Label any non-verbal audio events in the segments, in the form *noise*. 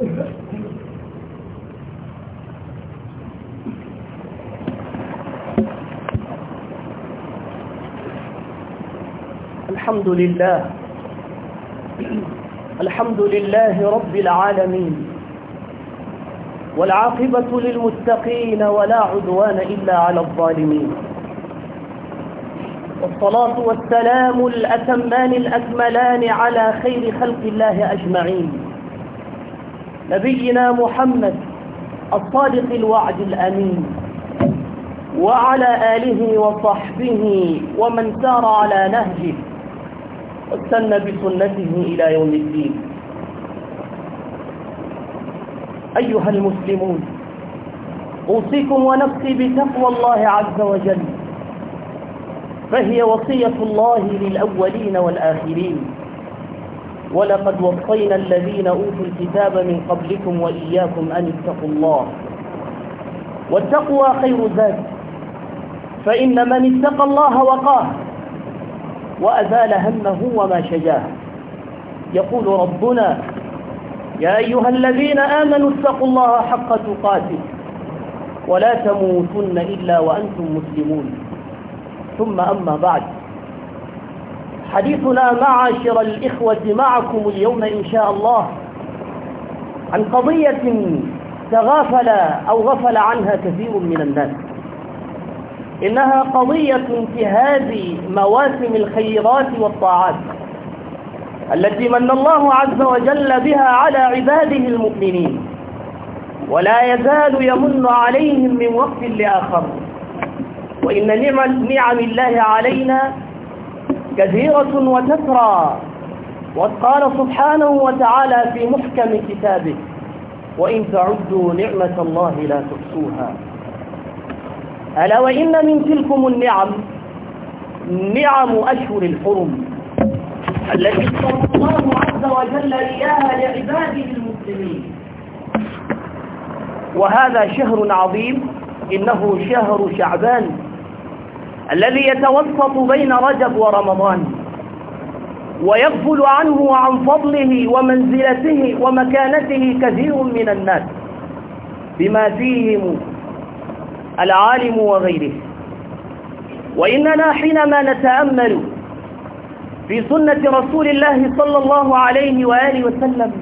الحمد لله الحمد لله رب العالمين والعاقبة للمتقين ولا عدوان إلا على الظالمين والصلاة والسلام الأتمان الأكملان على خير خلق الله أجمعين نبينا محمد الصادق الوعد الأمين وعلى آله وصحبه ومن سار على نهجه واستنى بسنته إلى يوم الدين أيها المسلمون أوصيكم ونفسي بتقوى الله عز وجل فهي وصية الله للأولين والآخرين ولقد وصينا الذين أوتوا الكتاب من قبلكم وإياكم أن اتقوا الله والتقوى خير ذات فإن من اتقى الله وقاه وأزال همه وما شجاه يقول ربنا يا أيها الذين آمنوا اتقوا الله حق تقاته ولا تموتن إلا وأنتم مسلمون ثم أما بعد حديثنا معاشر الإخوة معكم اليوم إن شاء الله عن قضية تغافل أو غفل عنها كثير من الناس إنها قضية انتهاز مواسم الخيرات والطاعات التي من الله عز وجل بها على عباده المؤمنين ولا يزال يمن عليهم من وقت لآخر وإن نعم, نعم الله علينا كثيرة وتسرى وقال سبحانه وتعالى في محكم كتابه وإن تعدوا نعمة الله لا تحصوها ألا وإن من تلكم النعم نعم أشهر الحرم التي اصطفى الله عز وجل إياها لعباده المسلمين وهذا شهر عظيم إنه شهر شعبان الذي يتوسط بين رجب ورمضان ويغفل عنه وعن فضله ومنزلته ومكانته كثير من الناس بما فيهم العالم وغيره وإننا حينما نتأمل في سنة رسول الله صلى الله عليه وآله وسلم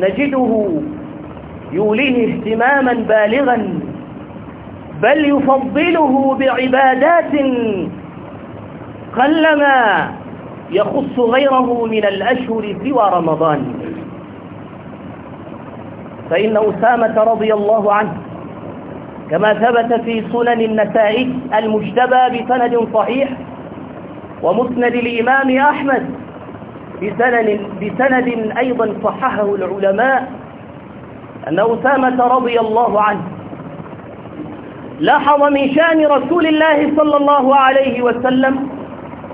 نجده يوليه اهتماما بالغا بل يفضله بعبادات قلما يخص غيره من الأشهر سوى رمضان فإن أسامة رضي الله عنه كما ثبت في سنن النسائي المجتبى بسند صحيح ومسند الإمام أحمد بسند, بسند أيضا صححه العلماء أن أسامة رضي الله عنه لاحظ من شان رسول الله صلى الله عليه وسلم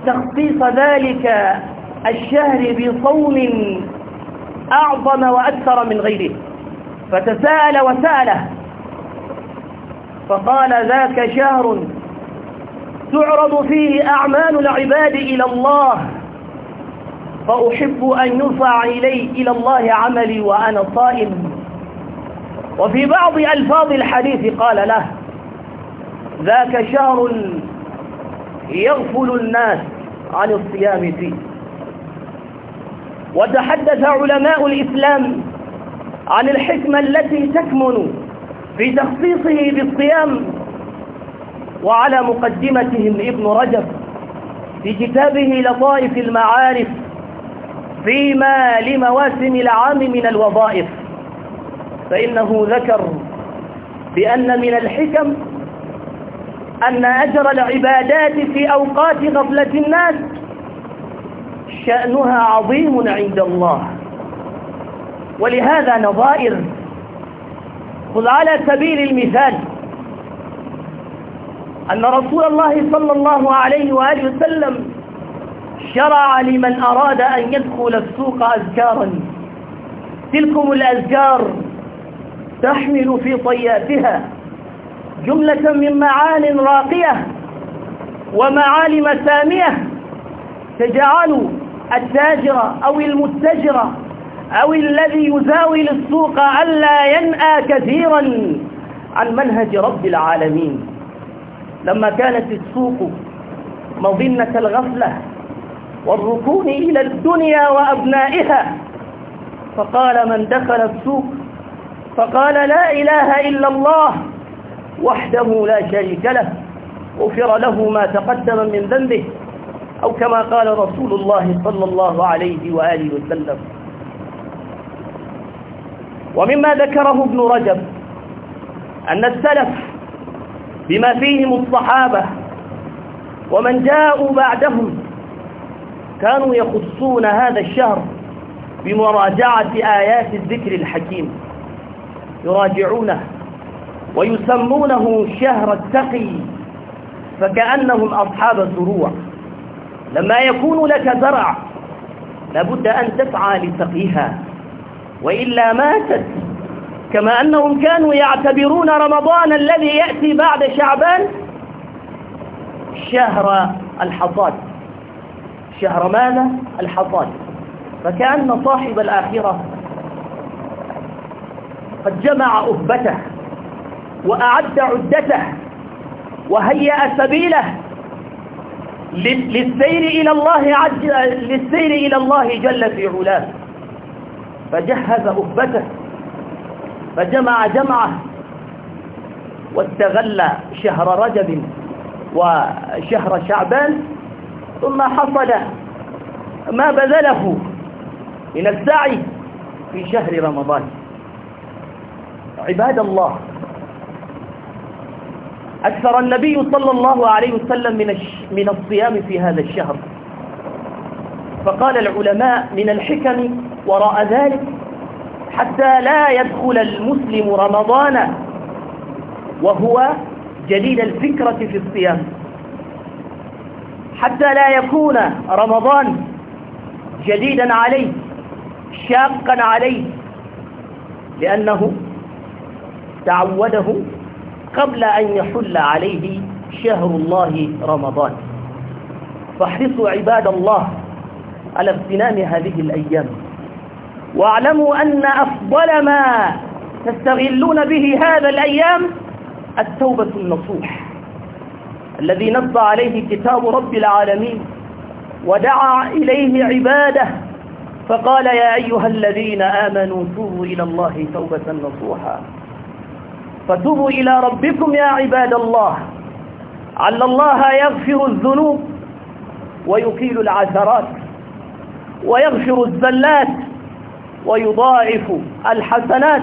تخصيص ذلك الشهر بصوم أعظم وأكثر من غيره فتساءل وسأله فقال ذاك شهر تعرض فيه أعمال العباد إلى الله فأحب أن يرفع إلي إلى الله عملي وأنا صائم وفي بعض ألفاظ الحديث قال له ذاك شهر يغفل الناس عن الصيام فيه وتحدث علماء الإسلام عن الحكمة التي تكمن في تخصيصه بالصيام وعلى مقدمتهم ابن رجب في كتابه لطائف المعارف فيما لمواسم العام من الوظائف فإنه ذكر بأن من الحكم أن أجر العبادات في أوقات غفلة الناس شأنها عظيم عند الله ولهذا نظائر خذ على سبيل المثال أن رسول الله صلى الله عليه وآله وسلم شرع لمن أراد أن يدخل السوق أذكارا تلكم الأذكار تحمل في طياتها جملة من معان راقية ومعالم سامية تجعل التاجر أو المتجر أو الذي يزاول السوق ألا ينأى كثيرا عن منهج رب العالمين لما كانت السوق مظنة الغفلة والركون إلى الدنيا وأبنائها فقال من دخل السوق فقال لا إله إلا الله وحده لا شريك له غفر له ما تقدم من ذنبه أو كما قال رسول الله صلى الله عليه وآله وسلم ومما ذكره ابن رجب أن السلف بما فيهم الصحابة ومن جاءوا بعدهم كانوا يخصون هذا الشهر بمراجعة آيات الذكر الحكيم يراجعونه ويسمونه شهر التقي فكأنهم أصحاب الزروع لما يكون لك زرع لابد أن تسعى لتقيها وإلا ماتت كما أنهم كانوا يعتبرون رمضان الذي يأتي بعد شعبان شهر الحصاد شهر ماذا؟ الحصاد فكأن صاحب الآخرة قد جمع أهبته وأعد عدته وهيأ سبيله للسير إلى الله عز للسير إلى الله جل في علاه فجهز أخبته فجمع جمعه واستغل شهر رجب وشهر شعبان ثم حصل ما بذله من السعي في شهر رمضان عباد الله أكثر النبي صلى الله عليه وسلم من من الصيام في هذا الشهر فقال العلماء من الحكم وراء ذلك حتى لا يدخل المسلم رمضان وهو جليل الفكرة في الصيام حتى لا يكون رمضان جديدا عليه شاقا عليه لأنه تعوده قبل أن يحل عليه شهر الله رمضان فاحرصوا عباد الله على اغتنام هذه الأيام واعلموا أن أفضل ما تستغلون به هذا الأيام التوبة النصوح الذي نص عليه كتاب رب العالمين ودعا إليه عباده فقال يا أيها الذين آمنوا توبوا إلى الله توبة نصوحا فتوبوا إلى ربكم يا عباد الله عل الله يغفر الذنوب ويقيل العثرات ويغفر الزلات ويضاعف الحسنات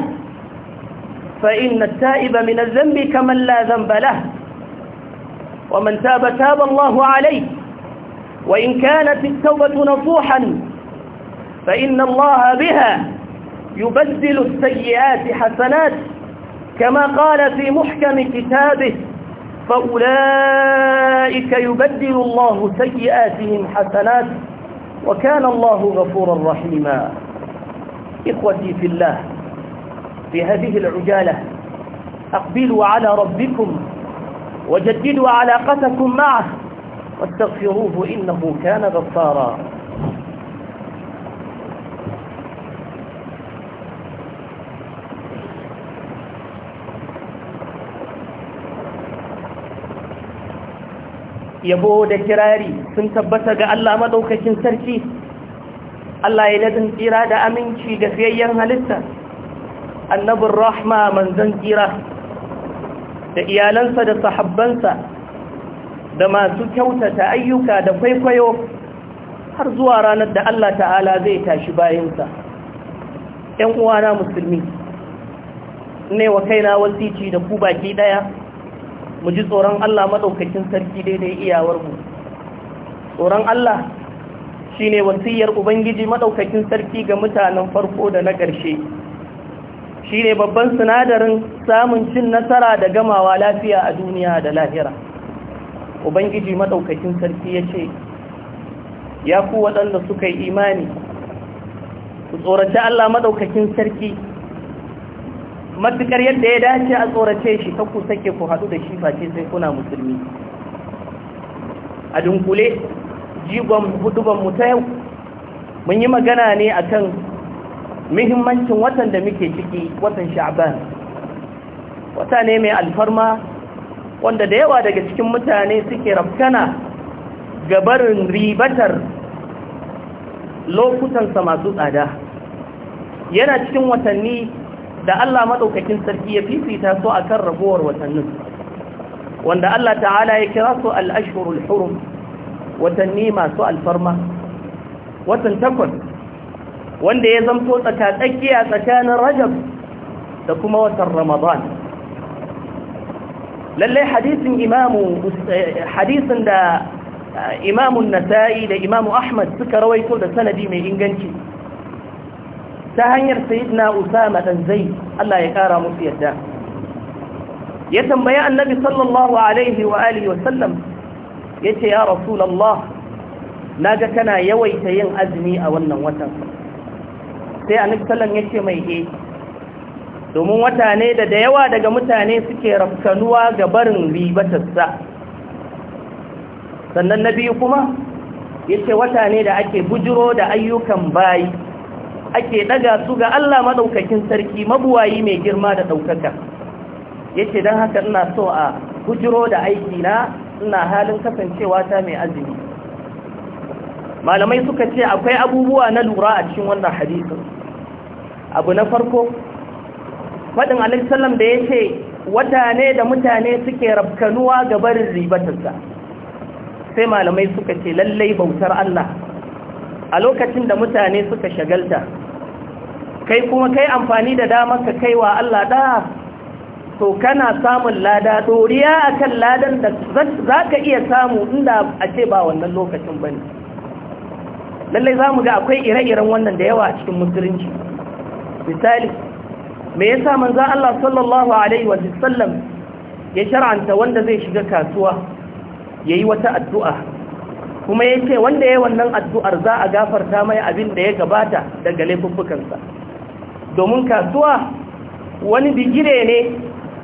فإن التائب من الذنب كمن لا ذنب له ومن تاب تاب الله عليه وإن كانت التوبة نصوحا فإن الله بها يبدل السيئات حسنات كما قال في محكم كتابه فأولئك يبدل الله سيئاتهم حسنات وكان الله غفورا رحيما إخوتي في الله في هذه العجالة أقبلوا على ربكم وجددوا علاقتكم معه واستغفروه إنه كان غفارا yabo da kirari sun tabbata ga Allah madaukakin sarki Allah ya nadin tsira da aminci ga fiyayyen halitta annabin rahma manzan tsira da iyalansa da sahabbansa da masu kyautata ayyuka da kwaikwayo har zuwa ranar da Allah ta'ala zai tashi bayansa ‘yan uwana musulmi ne wa kaina wasici da ku baki ɗaya mu ji tsoron Allah Maɗaukakin sarki daidai iyawarmu. tsoron Allah shi ne wasiyar ubangiji maɗaukakin sarki ga mutanen farko da na ƙarshe ne babban sinadarin samun cin nasara da gamawa lafiya a duniya da lahira ubangiji maɗaukakin sarki ya ce, ya ku waɗanda suka yi imani ku tsoraci Allah Maɗaukakin sarki matukar yadda ya dace a tsorace shi ta ku sake ku haɗu da shi face sai kuna musulmi a dunkule jigon hudubanmu ta yau mun yi magana ne akan muhimmancin watan da muke ciki watan sha'ban wata ne mai alfarma wanda da yawa daga cikin mutane suke rafkana gabarin ribatar lokutansa masu tsada yana cikin watanni da Allah maɗaukakin sarki ya fifita su kan ragowar watannin wanda Allah ta'ala ya kira su al hurum watanni masu alfarma watan takwas wanda ya zamto tsakatsakiya tsakanin rajab da kuma watan ramadan lallai hadisin imamu eh, hadisin da eh, imamun nasa'i da imamu ahmad suka rawaito da sanadi mai inganci ta hanyar sayyidina usama dan zai Allah ya kara musu yadda ya tambayi annabi sallallahu alaihi wa alihi wa sallam yace ya rasulullah naga kana yawaita yin azumi a wannan watan sai annabi sallallahu yace mai eh domin wata ne da da yawa daga mutane suke rafkanuwa ga barin ribatarsa sannan na biyu kuma yace wata ne da ake bujiro da ayyukan bayi ake daga su ga Allah madaukakin sarki mabuwayi mai girma da daukaka yace dan haka ina so a hujuro da aiki na ina halin kasancewa ta mai azumi malamai suka ce akwai abubuwa na lura a cikin wannan hadisin abu na farko faɗin alaihi sallam da yace wata ne da mutane suke rabkanuwa ga barin ribatarsa sai malamai suka ce lallai bautar Allah a lokacin da mutane suka shagalta kai kuma kai amfani da damar ka kaiwa Allah da to kana samun lada doriya akan ladan da za ka iya samu inda a ce ba wannan lokacin bane lallai za mu ga akwai ire-iren wannan da yawa a cikin musulunci misali me yasa manzo Allah sallallahu alaihi wa ya shar'anta wanda zai shiga kasuwa yayi wata addu'a kuma ya ce wanda ya wannan addu'ar za a gafarta mai abin da ya gabata daga laifuffukansa domin kasuwa wani bigire ne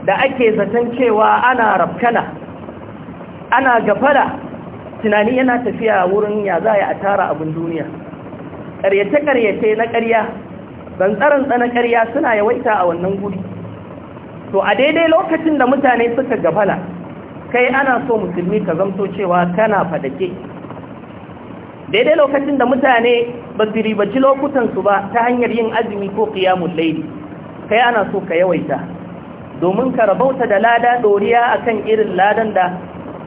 da ake zaton cewa ana rafkana ana gafara tunani yana tafiya wurin ya za a tara abin duniya ƙaryace-ƙaryace na ƙarya tsarin tsana ƙarya suna yawaita a wannan guri to a daidai lokacin da mutane suka gafala kai ana so musulmi ka zamto cewa kana faɗake. daidai lokacin da mutane ba su ribaci lokutansu ba ta hanyar yin azumi ko kiyamun laili kai ana so ka yawaita domin ka rabauta da lada doriya akan irin ladan da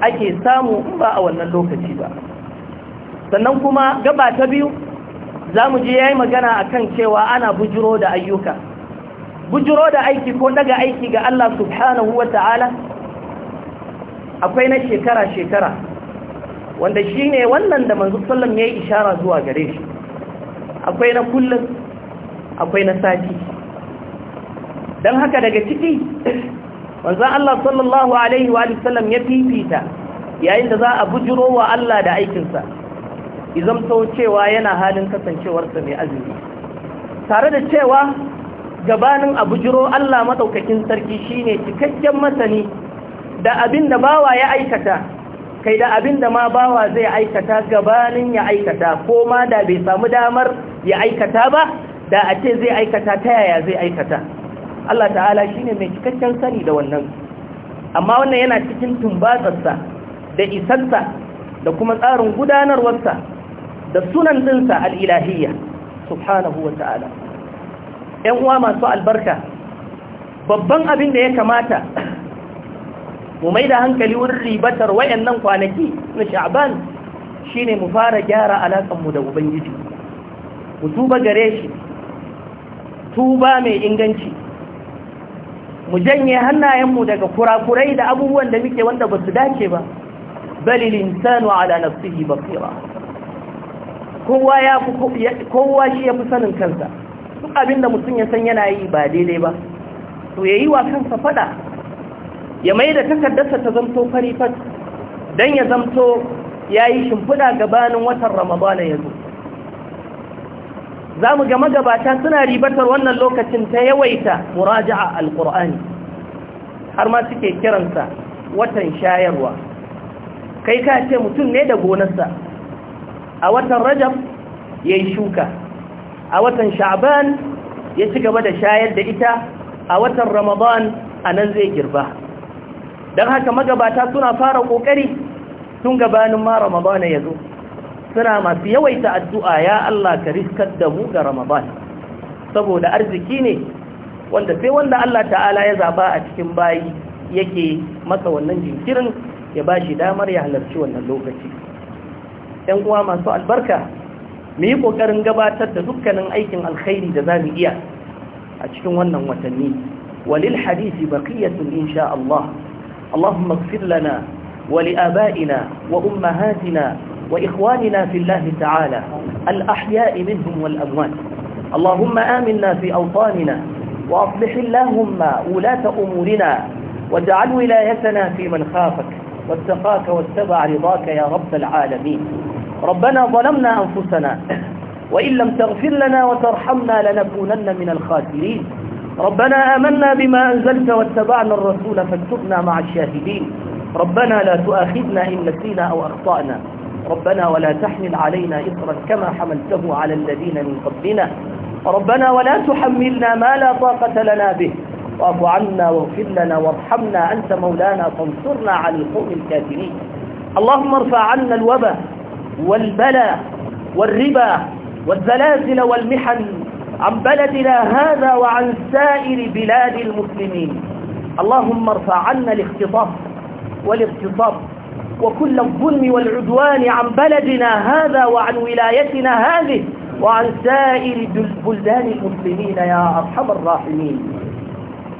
ake samu ba a wannan lokaci ba sannan kuma gaba ta biyu za mu je ya yi magana a kan cewa ana bujiro da ayyuka bujiro da aiki ko daga aiki ga Allah subhanahu wa ta'ala akwai na shekara-shekara wanda shi ne wannan da manzu sallam ya yi ishara zuwa gare shi akwai na kullum akwai na sati don haka daga ciki wanzan Allah sallallahu alaihi wa ya fifita yayin da za a bujiro wa Allah da aikinsa izan sau cewa yana halin kasancewarsa mai azumi tare da cewa gabanin a bujiro Allah maɗaukakin sarki shi ne cikakken masani da abin da bawa ya aikata kai da abin da ma bawa zai aikata gabanin ya aikata ko ma da bai samu damar ya aikata ba da a ce zai aikata ta yaya zai aikata Allah ta'ala shine mai cikakken sani da wannan amma wannan yana cikin tumbatsarsa da isarsa da kuma tsarin gudanarwarsa da sunan dinsa al'ilahiyya subhanahu wa ta'ala ‘yan uwa masu albarka babban abin da ya kamata mu mai da hankali wurin ribatar wayannan kwanaki na sha'ban ne mu fara gyara alaƙanmu da ubangiji mu tuba gare shi tuba mai inganci mu janye hannayenmu daga kurakurai da abubuwan da muke wanda ba su dace ba bali linsanu ala nafsihi basira kowa ya fi kowa shi ya fi sanin kansa duk abinda mutum ya san yana yi ba daidai ba to yayi wa kansa fada ya mai da takardarsa ta zamto fat don ya zamto ya yi shimfiɗa gabanin watan ramadana ya zo za mu ga magabata suna ribatar wannan lokacin ta yawaita muraja'a alƙur'ani har ma suke kiransa watan shayarwa kai ka ce mutum ne da gonarsa a watan rajab ya yi shuka a watan sha'ban ya ci gaba da shayar da ita a watan ramadan a nan zai girba don haka magabata suna fara ƙoƙari tun gabanin ma ramadana ya zo suna masu yawaita addu'a ya Allah ka riskar da mu ga ramadana saboda arziki ne wanda sai wanda Allah ta'ala ya zaba a cikin bayi yake masa wannan jinkirin ya ba shi damar ya halarci wannan lokaci ‘yan uwa masu albarka mu yi ƙoƙarin gabatar da dukkanin aikin alkhairi da za mu iya a cikin wannan watanni walil hadisi baƙiyatun insha Allah اللهم اغفر لنا ولآبائنا وأمهاتنا وإخواننا في الله تعالى الأحياء منهم والأموات اللهم آمنا في أوطاننا وأصلح اللهم ولاة أمورنا واجعل ولايتنا في من خافك واتقاك واتبع رضاك يا رب العالمين ربنا ظلمنا أنفسنا وإن لم تغفر لنا وترحمنا لنكونن من الخاسرين ربنا آمنا بما أنزلت واتبعنا الرسول فاكتبنا مع الشاهدين ربنا لا تؤاخذنا إن نسينا أو أخطأنا ربنا ولا تحمل علينا إصرا كما حملته على الذين من قبلنا ربنا ولا تحملنا ما لا طاقة لنا به واعف عنا واغفر لنا وارحمنا أنت مولانا فانصرنا على القوم الكافرين اللهم ارفع عنا الوبا والبلاء والربا والزلازل والمحن عن بلدنا هذا وعن سائر بلاد المسلمين اللهم ارفع عنا الاختطاف والاغتصاب وكل الظلم والعدوان عن بلدنا هذا وعن ولايتنا هذه وعن سائر بلدان المسلمين يا أرحم الراحمين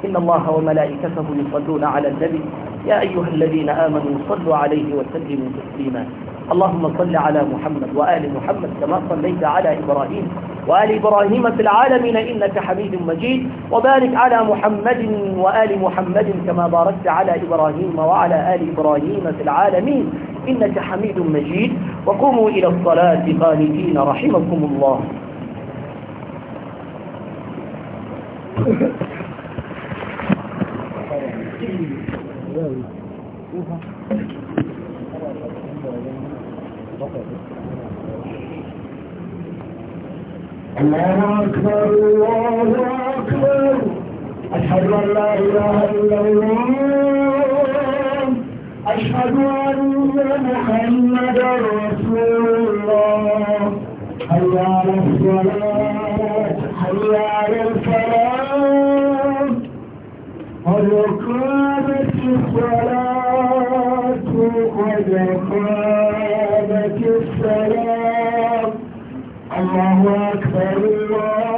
إن الله وملائكته يصلون على النبي يا أيها الذين آمنوا صلوا عليه وسلموا تسليما اللهم صل على محمد وآل محمد كما صليت على إبراهيم وآل إبراهيم في العالمين إنك حميد مجيد وبارك على محمد وآل محمد كما باركت على إبراهيم وعلى آل إبراهيم في العالمين إنك حميد مجيد وقوموا إلى الصلاة قانتين رحمكم الله Thank *laughs* you. الله أكبر الله أكبر أشهد أن لا إله إلا الله أشهد أن محمد رسول الله حي على الصلاة حي على الفلاح قد قامت الصلاة قد السلام الصلاة الله أكبر الله